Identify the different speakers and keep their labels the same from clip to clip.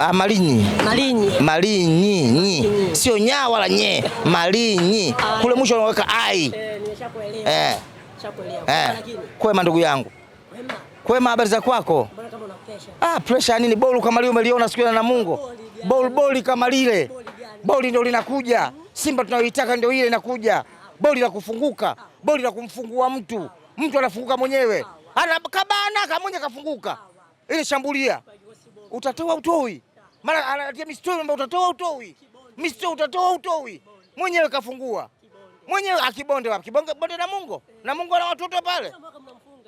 Speaker 1: Ah, Malinyi. Malinyi. Malinyi, nyi. Sio nya wala nye. Malinyi. Ah, Kule mwisho unaweka ai. Eh, eh. nimeshakuelewa. Eh. Eh. Kwema ndugu yangu. Kwema. Kwema, habari za kwako? Mbona kama una pressure? Ah, pressure nini? Bolu kama lile umeliona siku na Namungo. Bolu boli kama lile. Boli ndio linakuja. Simba tunayoitaka ndio ile inakuja. Boli la kufunguka. Boli la kumfungua mtu. Mtu anafunguka mwenyewe. Ana kabana kama mwenye kafunguka. Ile shambulia. Utatoa utoi mara anatia mistari ambayo utatoa utoi. Mistari utatoa utoi. Mwenyewe kafungua. Mwenyewe akibonde wapi? kibonde bonde na Mungu. Eh. Na Mungu ana watoto pale.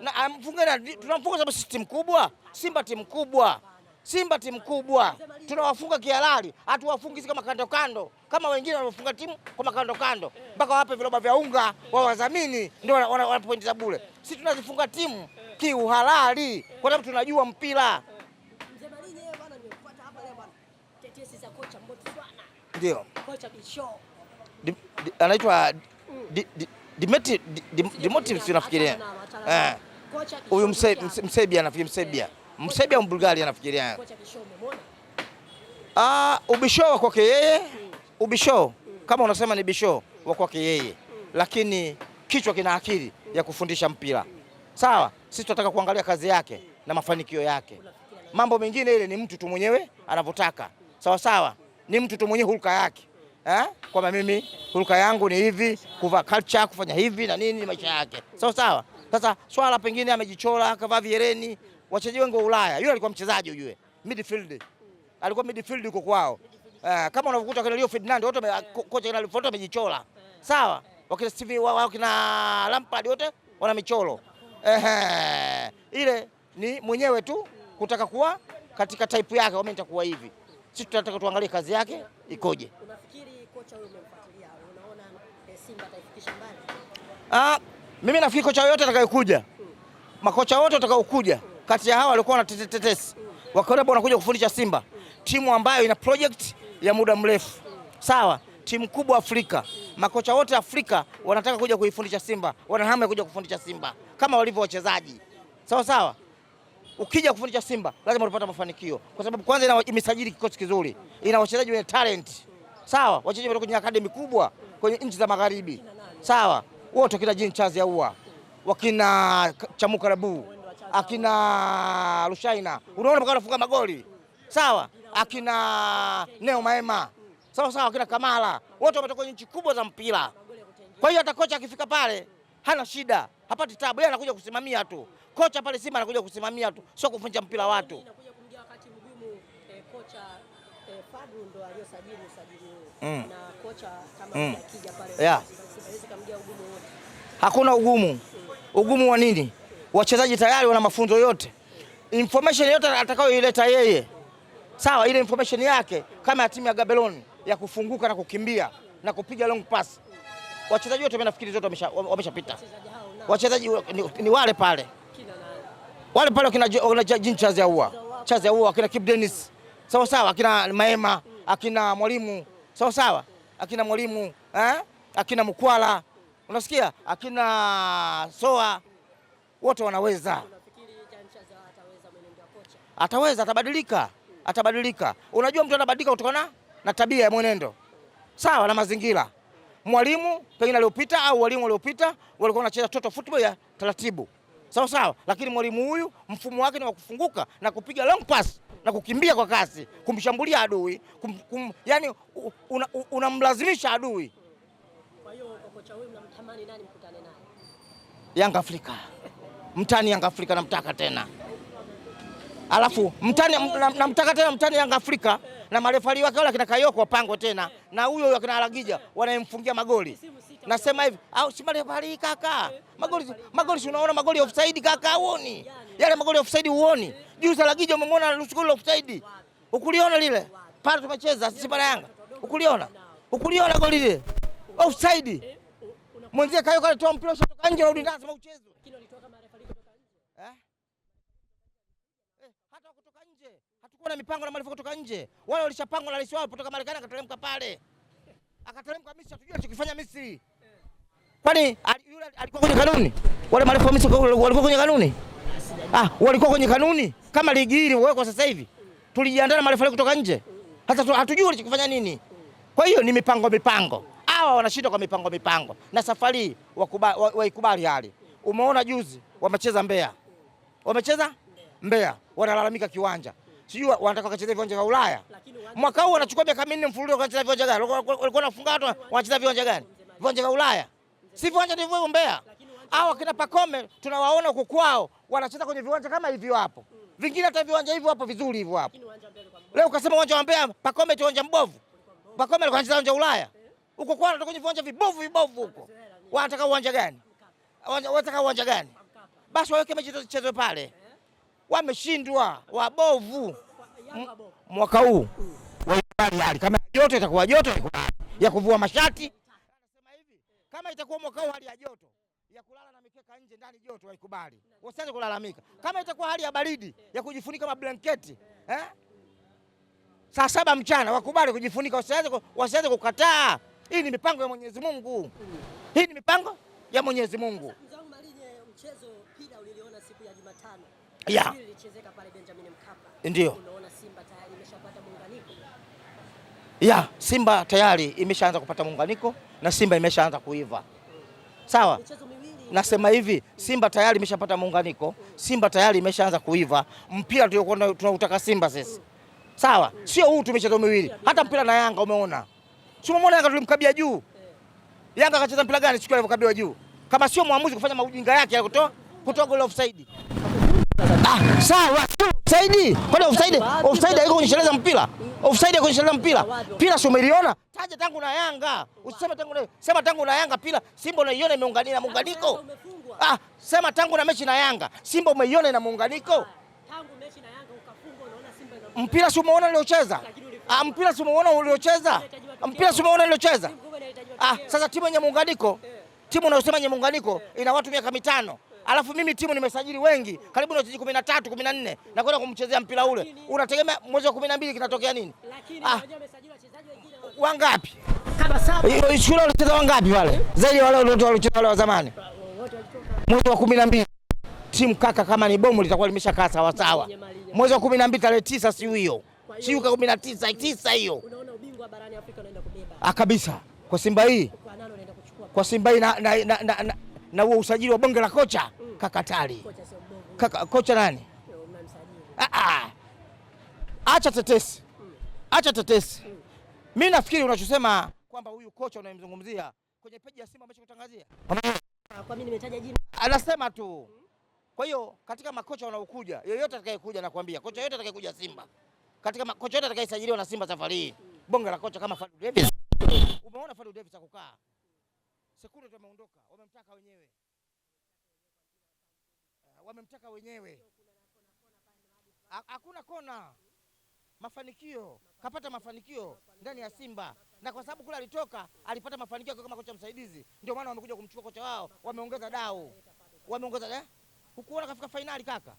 Speaker 1: Na amfunge ah, na tunamfunga sababu si timu kubwa. Simba timu kubwa. Simba timu kubwa. Tunawafunga kihalali, hatuwafungi kama kando kando, kama wengine wanafunga timu kwa makando kando eh. mpaka wape viroba vya unga wa wadhamini ndio wana bure. Sisi tunazifunga timu eh. kiuhalali kwa sababu tunajua mpira. Ndio. Kocha Bisho. Anaitwa Demetrius Demetrius nafikiria. Eh. Huyu Msebia nafikiria Msebia. Eh. Msebia Mbulgaria nafikiria. Kocha Bisho umeona? Ah, ubisho wa kwake yeye, hmm. ubisho hmm. kama unasema ni bisho wa kwake yeye. Hmm. Lakini kichwa kina akili ya kufundisha mpira. Sawa, sisi tunataka kuangalia kazi yake na mafanikio yake. Mambo mengine ile ni mtu tu mwenyewe anavyotaka. Sawa sawa ni mtu tu mwenye hulka yake eh, kwamba mimi hulka yangu ni hivi, kuvaa culture, kufanya hivi na nini, maisha yake sawa sawa. Sasa swala pengine amejichora akavaa viereni. Wachezaji wengi wa Ulaya, yule alikuwa mchezaji ujue, midfield alikuwa midfield huko kwao eh, kama unavyokuta kwa Leo Ferdinand wote, kocha kina Leo amejichora sawa, wakina Steve wao kina Lampard wote wana michoro eh, ile ni mwenyewe tu kutaka kuwa katika type yake, wametakuwa hivi sisi tunataka tuangalie kazi yake ikoje.
Speaker 2: Unafikiri kocha huyo umemfuatilia, unaona eh, Simba ataifikisha mbali?
Speaker 1: Ah, mimi nafikiri kocha yote hmm. makocha wote watakaokuja kati ya hawa walikuwa na hmm. wakaona bwana, wanakuja kufundisha Simba, hmm. timu ambayo ina project ya muda mrefu, hmm. sawa, timu kubwa Afrika. Makocha wote Afrika wanataka kuja kuifundisha Simba, wana hamu ya kuja kufundisha Simba kama walivyo wachezaji, sawa sawa ukija kufundisha Simba lazima utapata mafanikio, kwa sababu kwanza imesajili kikosi kizuri, ina wachezaji wenye talent sawa, wachezaji kutoka kwenye akademi kubwa kwenye nchi za magharibi sawa, wote wakina Jean Charles Ahoua, wakina Chamuka Rabu, akina Rushaina, unaona mpaka wanafunga magoli sawa, akina Neo Maema sawa sawa, akina Kamala, wote wametoka kwenye nchi kubwa za mpira. Kwa hiyo hata kocha akifika pale hana shida, hapati tabu, yeye anakuja kusimamia tu. Kocha pale Simba anakuja kusimamia tu, sio kuvunja mpira watu.
Speaker 2: kumjia wakati mgumu eh, kocha eh, Fadlu ndo aliyosajili usajili mm. na kocha kama mm. akija pale
Speaker 1: yeah. ugumu wote. Hakuna ugumu mm. ugumu wa nini? Mm. Wachezaji tayari wana mafunzo yote mm. information yote atakayoileta yeye sawa, ile information yake kama ya timu ya Gabelon ya kufunguka na kukimbia na kupiga long pass, wachezaji wote mimi nafikiri zote wameshapita, wachezaji ni, ni wale pale wale pale wakina jini chazi aua chazi aua akina Kip Dennis sawa sawa, akina Maema akina mwalimu sawa sawa, akina mwalimu eh? akina Mkwala unasikia, akina Soa wote wanaweza. Ataweza, atabadilika, atabadilika. Unajua mtu anabadilika kutokana na tabia ya mwenendo sawa na mazingira. Mwalimu pengine aliopita au walimu waliopita walikuwa wanacheza toto football ya taratibu sawa sawa, lakini mwalimu huyu mfumo wake ni wa kufunguka na kupiga long pass na kukimbia kwa kasi kumshambulia adui kum, kum, yani unamlazimisha una adui.
Speaker 2: Kwa hiyo kocha huyu mnamtamani nani mkutane naye?
Speaker 1: Yanga Afrika mtani Yanga Afrika namtaka tena, alafu mtani namtaka tena mtani Yanga Afrika na marefari wake wale akina Kayoko wapango tena na huyo akina Alagija wanayemfungia magoli. Nasema hivi au si marefari kaka eh magoli magoli, unaona magoli ya offside kaka, uoni yale magoli ya offside uoni? Juu Lagija umemwona anashukuru la offside, ukuliona lile pale tumecheza sisi pale Yanga, ukuliona ukuliona goli lile offside, mwenzie kayo kale toa mpira kutoka nje rudi ndani, sema uchezo eh?
Speaker 2: eh hata kutoka nje, hatukuwa na mipango na marefa kutoka nje, wale walishapangwa na rais wao kutoka Marekani, akateremka pale akateremka Misri, hatujui alichokifanya Misri
Speaker 1: Kwani yule alikuwa kwenye kanuni? Wale marefu marefa walikuwa kwenye kanuni? Ah, walikuwa kwenye kanuni kama ligi hili wewe kwa sasa hivi. Tulijiandaa na marefa kutoka nje. Hata hatujui walichokufanya nini. Kwa hiyo ni mipango mipango. Hawa wanashinda kwa mipango mipango. Na safari waikubali hali. Umeona juzi wamecheza Mbeya. Wamecheza Mbeya. Wanalalamika kiwanja. Sijui wanataka wakacheze viwanja vya Ulaya. Mwaka huu wanachukua miaka minne mfululizo wakacheza viwanja gani? Walikuwa wanafunga watu wanacheza viwanja gani? Viwanja vya Ulaya si viwanja ni vya umbea. Hawa kina Pakome tunawaona huko kwao wanacheza kwenye viwanja kama hivyo hapo, vingine hata viwanja hivyo hapo vizuri hivyo hapo. Leo ukasema uwanja wa Mbeya, Pakome ti uwanja mbovu. Pakome alikuwa anacheza uwanja Ulaya huko kwao, ndio kwenye viwanja vibovu vibovu huko. Wanataka uwanja gani? Wanataka uwanja gani? Basi waweke mechi zichezwe pale. Wameshindwa wabovu mwaka huu, waibali hali kama joto, itakuwa joto ya kuvua mashati
Speaker 2: kama itakuwa mwaka huu hali ya joto ya kulala na mikeka nje ndani joto waikubali. Usianze kulalamika. Kama itakuwa hali ya baridi ya kujifunika mablanketi, eh?
Speaker 1: Saa saba mchana wakubali kujifunika, wasianze wasianze kukataa. Hii ni mipango ya Mwenyezi Mungu. Hii ni mipango ya Mwenyezi Mungu.
Speaker 2: Mchezo pila uliona siku ya Jumatano.
Speaker 1: Yeah. Ilichezeka pale Benjamin Mkapa. Ndio. Unaona Simba tayari imeshapata muunganiko ya Simba tayari imeshaanza kupata muunganiko na Simba imeshaanza kuiva. Sawa, nasema hivi, Simba tayari imeshapata muunganiko, Simba tayari imeshaanza kuiva. Mpira tuliokuwa tunautaka Simba sisi, sawa, sio huu tu michezo miwili. Hata mpira na Yanga umeona, si umeona Yanga tulimkabia juu. Yanga akacheza mpira gani siku alivyokabia juu, kama sio mwamuzi kufanya maujinga yake ya kutoa kutoa goal offside. Ah, sawa tu. Offside? Kwani offside? Offside haiko kwenye sheria za mpira. Offside haiko kwenye sheria za mpira. Pira si umeiona? Taja tangu na Yanga. Usisema tangu na sema tangu na Yanga pira Simba unaiona imeunganina na muunganiko. Ah, sema tangu na mechi na Yanga. Simba umeiona ina muunganiko? Ah, tangu mechi na Yanga ukafungwa unaona Simba ina. Mpira si umeona uliocheza? Ah, mpira si umeona uliocheza? Mpira si umeona uliocheza? Ah, sasa timu yenye muunganiko, eh. timu unayosema yenye muunganiko eh. ina watu miaka mitano. Alafu mimi timu nimesajili wengi karibu na wachezaji kumi na tatu kumi na nne kwenda kumchezea mpira ule, unategemea mwezi wa kumi na mbili kinatokea nini? Ah, wangapi shule walicheza wangapi wale eh? zaidi wale ndio walicheza wale wa zamani? Mwezi wa kumi na mbili timu kaka, kama ni bomu litakuwa limeshakaa sawasawa. Mwezi wa kumi na mbili tarehe tisa siu hiyo siu barani na tisa tisa hiyo ah, kabisa, kwa Simba hii kwa Simba hii na, na, na, na, na na huo usajili wa bonge la kocha mm. kakatali kaka, kocha nani? Ah, ah. Acha tetesi, mm. acha tetesi. Mm. Mi nafikiri unachosema
Speaker 2: kwamba huyu kocha unayemzungumzia kwenye peji ya Simba ameshakutangazia,
Speaker 1: ah, anasema tu mm. Kwa hiyo katika makocha wanaokuja, yoyote atakayekuja, nakwambia kocha yote atakayekuja Simba, katika makocha yote atakayesajiliwa na Simba safari hii mm. bonge la kocha kama Fadu mm. umeona Fadu Davis akukaa Sekunde tu wamemtaka wenyewe, eh, wamemtaka wenyewe. Hakuna kona mafanikio, kapata mafanikio ndani ya Simba na kwa sababu kule alitoka alipata mafanikio kama kocha msaidizi, ndio maana wamekuja kumchukua kocha wao, wameongeza dau, wameongeza eh? Hukuona kafika fainali kaka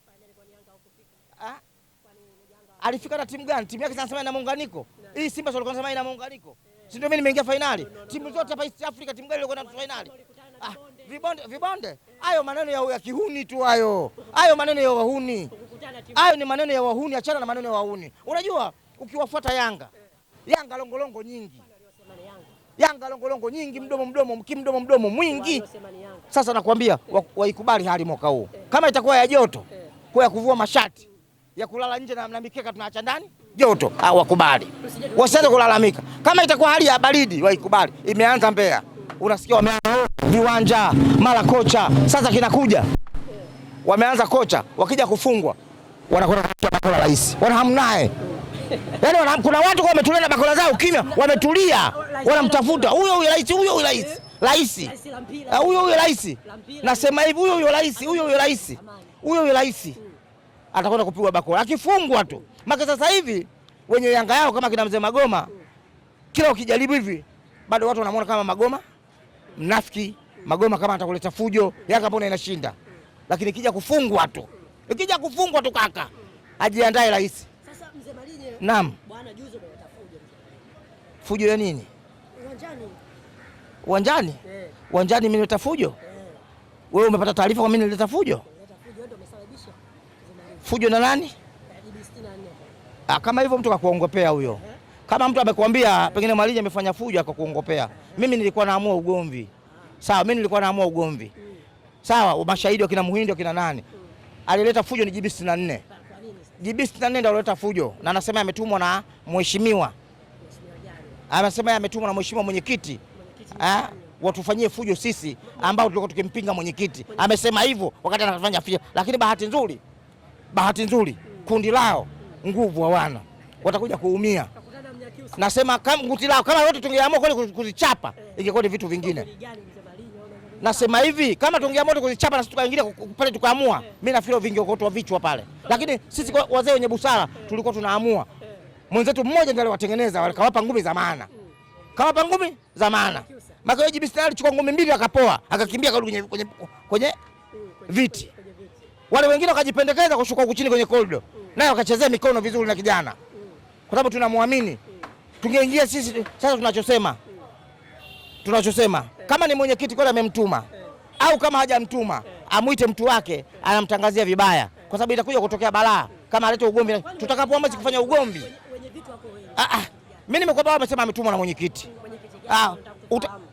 Speaker 1: Alifika na timu gani? Timu yake sasa sema ina muunganiko hii Simba sio alikuwa anasema ina muunganiko si ndio mimi nimeingia fainali, timu zote hapa East Africa, timu gani iliyokwenda fainali? Ah, vibonde vibonde, hayo maneno ya, ya kihuni tu hayo, hayo maneno ya wahuni hayo ni maneno ya wahuni, achana na maneno ya wahuni. Unajua, ukiwafuata Yanga, Yanga longolongo nyingi, Yanga longolongo nyingi, mdomo mdomo, mkimdomo mdomo mwingi. Sasa nakwambia waikubali hali mwaka huu, kama itakuwa ya joto, kwa ya kuvua mashati ya kulala nje na, na mikeka tunaacha ndani joto au wakubali, wasianze kulalamika. Kama itakuwa hali ya baridi waikubali. Imeanza Mbeya, unasikia wameanza viwanja mara kocha sasa kinakuja, wameanza kocha wakija kufungwa wanakwenda kwa bakora rais, wanahamnaye yani wana, kuna watu kwa wametulia na bakora zao kimya, wametulia wanamtafuta huyo huyo rais, huyo huyo rais rais ah, huyo huyo rais, nasema hivi, huyo huyo rais, huyo huyo rais, huyo huyo rais atakwenda kupigwa bakola akifungwa tu. Maka sasa hivi wenye Yanga yao kama kina mzee Magoma, kila ukijaribu hivi bado watu wanamuona kama Magoma mnafiki, Magoma kama atakuleta fujo. Yanga mbona inashinda? Lakini ikija kufungwa tu, ikija kufungwa tu kaka, ajiandae rais. Sasa mzee Malinyi, naam bwana, juzi fujo. Fujo ya nini? Uwanjani, uwanjani, eh. uwanjani mimi nileta fujo? Eh. Wewe umepata taarifa kwa mimi nileta fujo? Fujo na nani? Ah, Kama hivyo mtu akakuongopea huyo, kama mtu amekwambia pengine Mwalija amefanya fujo akakuongopea, mimi nilikuwa naamua ugomvi sawa, mimi nilikuwa naamua ugomvi sawa, mashahidi wakina Muhindi wakina nani alileta fujo ni jibi sitini na nne jibi sitini na nne ndio alileta fujo, na anasema ametumwa na mheshimiwa, anasema ametumwa na mheshimiwa mwenyekiti ah, watufanyie fujo sisi ambao tulikuwa tukimpinga mwenyekiti. Amesema hivyo wakati anafanya fujo, lakini bahati nzuri, bahati nzuri kundi lao nguvu hawana, watakuja kuumia. Nasema kama nguti lao kama wote tungeamua kweli kuzichapa ingekuwa ni vitu vingine. Nasema hivi kama tungeamua tu kuzichapa na sisi tukaingia pale tukaamua, mimi nafikiri vingeokotwa vichwa pale, lakini sisi wazee wenye busara tulikuwa tunaamua. Mwenzetu mmoja ndiye aliwatengeneza, walikawapa ngumi za maana, kawapa ngumi za maana. Makoeji Bistari alichukua ngumi mbili akapoa, akakimbia akarudi kwenye kwenye kwenye viti. Wale wengine wakajipendekeza kushuka huku chini kwenye korido naye akachezea mikono vizuri na kijana, kwa sababu tunamwamini. Tungeingia sisi sasa, tunachosema tunachosema, kama ni mwenyekiti kweli amemtuma au kama hajamtuma amwite mtu wake, anamtangazia vibaya, kwa sababu itakuja kutokea balaa kama alete ugomvi. Tutakapoamua kufanya ugomvi, ah, ah. mimi nimekuwa amesema ametumwa na mwenyekiti, ah,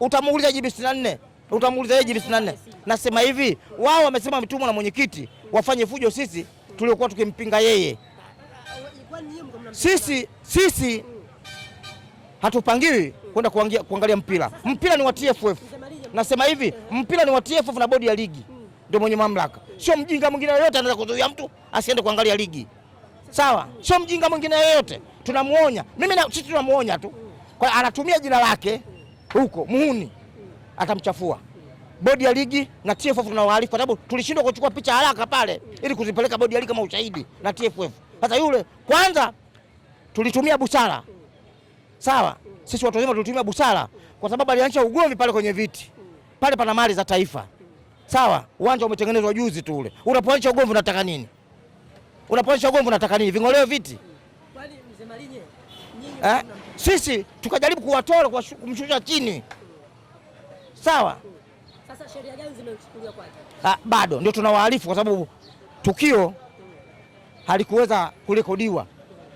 Speaker 1: utamuuliza jibu 64 utamuuliza yeye jibu 64. Nasema hivi, wao wamesema ametumwa na mwenyekiti, wafanye fujo sisi tuliokuwa tukimpinga yeye. Sisi, sisi hatupangiwi kwenda kuangalia mpira. Mpira ni wa TFF. Nasema hivi, mpira ni wa TFF na bodi ya ligi ndio mwenye mamlaka, sio mjinga mwingine yoyote anaweza kuzuia mtu asiende kuangalia ligi. Sawa, sio mjinga mwingine yoyote. Tunamuonya mimi na sisi tunamuonya tu, kwa anatumia jina lake huko muhuni, atamchafua bodi ya ligi na TFF tunawaarifu, kwa sababu tulishindwa kuchukua picha haraka pale ili kuzipeleka bodi ya ligi kama ushahidi na TFF. Sasa yule kwanza tulitumia busara, sawa, sisi watu wazima tulitumia busara, kwa sababu alianza ugomvi pale kwenye viti pale, pana mali za taifa, sawa. Uwanja umetengenezwa juzi tu ule. Unapoanza ugomvi unataka nini? Unapoanza ugomvi unataka nini? Vingoleo viti kwani eh? Sisi tukajaribu kuwatoa, kumshusha chini, sawa sasa sheria gani zimechukuliwa kwake? Ah, bado ndio tunawaarifu kwa sababu tukio halikuweza kurekodiwa.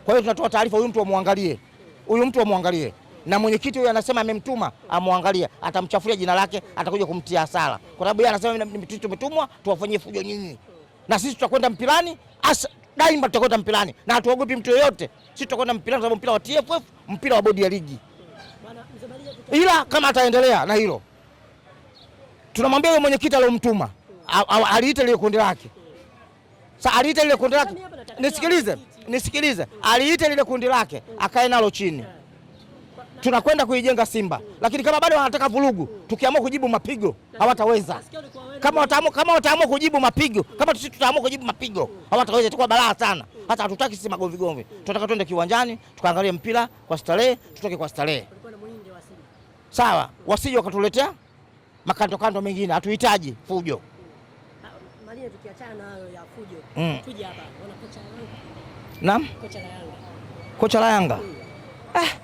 Speaker 1: Kwa hiyo tunatoa taarifa, huyu mtu amwangalie, huyu mtu amwangalie, na mwenyekiti huyu anasema amemtuma amwangalie, atamchafulia jina lake, atakuja kumtia hasara, kwa sababu yeye anasema tumetumwa tuwafanyie fujo nyinyi, na sisi tutakwenda mpilani asa daima tutakwenda mpilani na hatuogopi mtu yoyote. Sisi tutakwenda mpilani sababu mpira wa TFF, mpira wa bodi ya ligi. Ila kama ataendelea na hilo tunamwambia yule mwenyekiti aliyomtuma aliita lile kundi lake. Sasa aliita lile kundi lake, nisikilize, nisikilize, aliita lile kundi lake akae nalo chini, tunakwenda kuijenga Simba. Lakini kama bado wanataka vurugu, tukiamua kujibu mapigo hawataweza. Kama wataamua, kama wataamua kujibu mapigo, kama sisi tutaamua kujibu mapigo hawataweza, itakuwa balaa sana. Hata hatutaki sisi magomvi gomvi, tunataka twende kiwanjani tukaangalie mpira kwa starehe, tutoke kwa starehe, sawa, wasije wakatuletea makandokando mengine hatuhitaji fujo.
Speaker 2: Maria, tukiachana na hayo ya fujo, mm. tuje hapa wana kocha la
Speaker 1: Yanga. Naam, kocha la Yanga, kocha la Yanga mm. eh.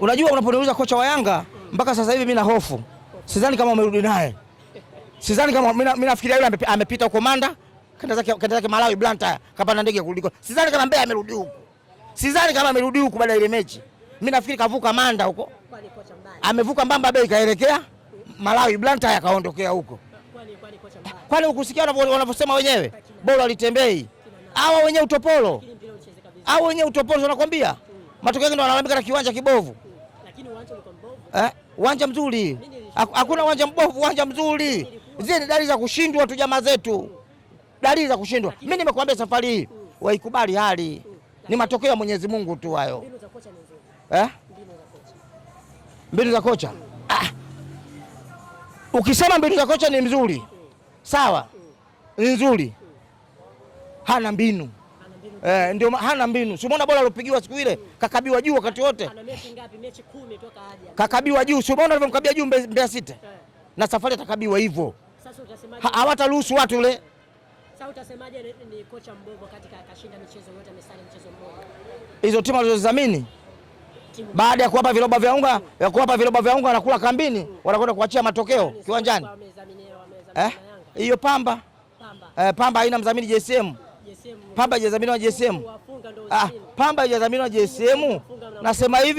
Speaker 1: Unajua, unaponiuliza kocha wa Yanga mm. mpaka sasa hivi mimi na hofu, sidhani kama umerudi naye, sidhani kama mimi nafikiria yule amepita huko Manda kenda zake kenda zake Malawi Blanta kapanda ndege kuliko, sidhani kama Mbeya amerudi huko, sidhani kama amerudi huko baada ya ile mechi. Mimi nafikiri kavuka Manda huko, amevuka Mbamba Bay kaelekea Malawi Blanta yakaondokea huko, kwani ukusikia wanavyosema wenyewe, bora alitembei hawa wenyewe utopolo, hawa wenyewe utopolo wanakwambia mm. matokeo yake ndio wanalalamika na kiwanja kibovu. Mm. Uwanja eh, mzuri hakuna uwanja mbovu, uwanja mzuri. Zile ni dalili za kushindwa tu jamaa zetu, mm. dalili za kushindwa. Mimi nimekuambia safari hii waikubali hali, ni matokeo ya Mwenyezi Mungu tu hayo eh? Mbinu za kocha Ukisema mbinu za kocha ni mzuri, sawa, ni nzuri, hana mbinu Eh, ndio hana mbinu. Si umeona bora alipigiwa siku ile, kakabiwa juu wakati wote. Kakabiwa juu. Si umeona alivyomkabia juu Mbeya City? Eh. Na safari atakabiwa hivyo. Sasa Hawataruhusu watu ule. Sasa utasemaje ni kocha mbovu katika akashinda michezo yote amesali michezo mbovu Hizo timu alizozidhamini baada ya kuwapa viroba vya unga ya kuwapa viroba vya unga wanakula kambini, wanakwenda kuachia matokeo kiwanjani. Eh, eh? hiyo pamba eh, pamba haina mdhamini JSM. Pamba haijadhaminiwa JSM. Ah, pamba haijadhaminiwa JSM. Nasema hivi